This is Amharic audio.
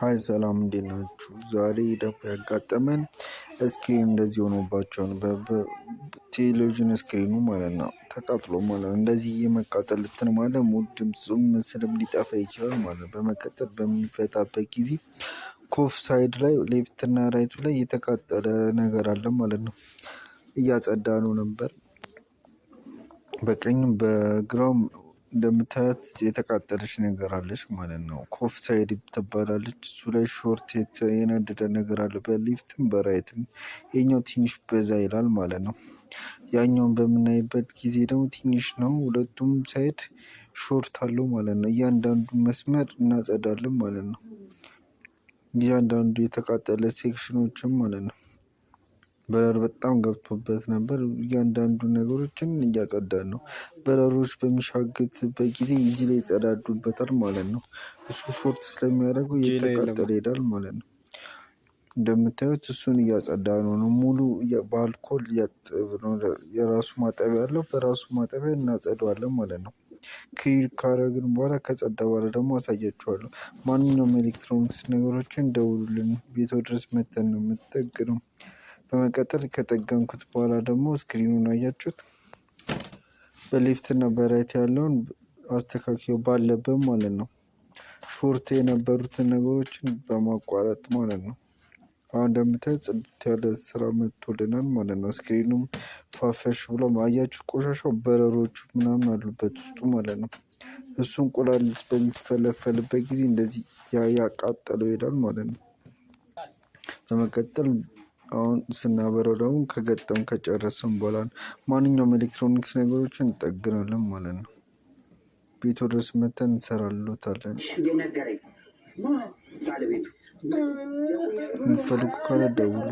ሀይ ሰላም እንዴት ናችሁ? ዛሬ ደግሞ ያጋጠመን ስክሪን እንደዚህ ሆኖባቸውን በቴሌቪዥን ስክሪኑ ማለት ነው ተቃጥሎ ማለት ነው። እንደዚህ የመቃጠልትን እንትን ማለት ሙሉ ድምፁም ምስልም ሊጠፋ ይችላል ማለት ነው። በመቀጠል በሚፈታበት ጊዜ ኮፍ ሳይድ ላይ ሌፍትና ራይቱ ላይ የተቃጠለ ነገር አለ ማለት ነው። እያጸዳ ነው ነበር። በቀኝም በግራም እንደምታያት የተቃጠለች ነገር አለች ማለት ነው። ኮፍ ሳይድ ትባላለች። እሱ ላይ ሾርት የነደደ ነገር አለ። በሊፍትም በራይትም የኛው ትንሽ በዛ ይላል ማለት ነው። ያኛውን በምናይበት ጊዜ ደግሞ ትንሽ ነው። ሁለቱም ሳይድ ሾርት አለው ማለት ነው። እያንዳንዱ መስመር እናጸዳለን ማለት ነው። እያንዳንዱ የተቃጠለ ሴክሽኖችም ማለት ነው። በረሮ በጣም ገብቶበት ነበር። እያንዳንዱ ነገሮችን እያጸዳን ነው። በረሮች በሚሻግትበት ጊዜ እዚህ ላይ ይጸዳዱበታል ማለት ነው። እሱ ሾርት ስለሚያደርጉ እየተቃጠለ ይሄዳል ማለት ነው። እንደምታዩት እሱን እያጸዳ ነው ነው ሙሉ በአልኮል የራሱ ማጠቢያ አለው። በራሱ ማጠቢያ እናጸደዋለን ማለት ነው። ክሪር ካረግን በኋላ ከጸዳ በኋላ ደግሞ አሳያችኋለሁ። ማንኛውም ኤሌክትሮኒክስ ነገሮችን ደውሉልን። ቤቶ ድረስ መተን ነው የምንጠግነው። በመቀጠል ከጠገንኩት በኋላ ደግሞ ስክሪኑን አያችሁት። በሌፍት እና በራይት ያለውን አስተካክዮ ባለበት ማለት ነው። ሾርት የነበሩትን ነገሮችን በማቋረጥ ማለት ነው። አሁን እንደምታዩት ጽድት ያለ ስራ መጥቶልናል ማለት ነው። ስክሪኑም ፋፈሽ ብሎ አያችሁ። ቆሻሻው በረሮቹ ምናምን አሉበት ውስጡ ማለት ነው። እሱ እንቁላልስ በሚፈለፈልበት ጊዜ እንደዚህ ያቃጠለው ይሄዳል ማለት ነው። በመቀጠል አሁን ስናበረው ደግሞ ከገጠም ከጨረስም በኋላ ማንኛውም ኤሌክትሮኒክስ ነገሮችን እንጠግናለን ማለት ነው። ቤቶ ድረስ መተን ባለቤቱ የምትፈልጉ ካለ ደውሉ።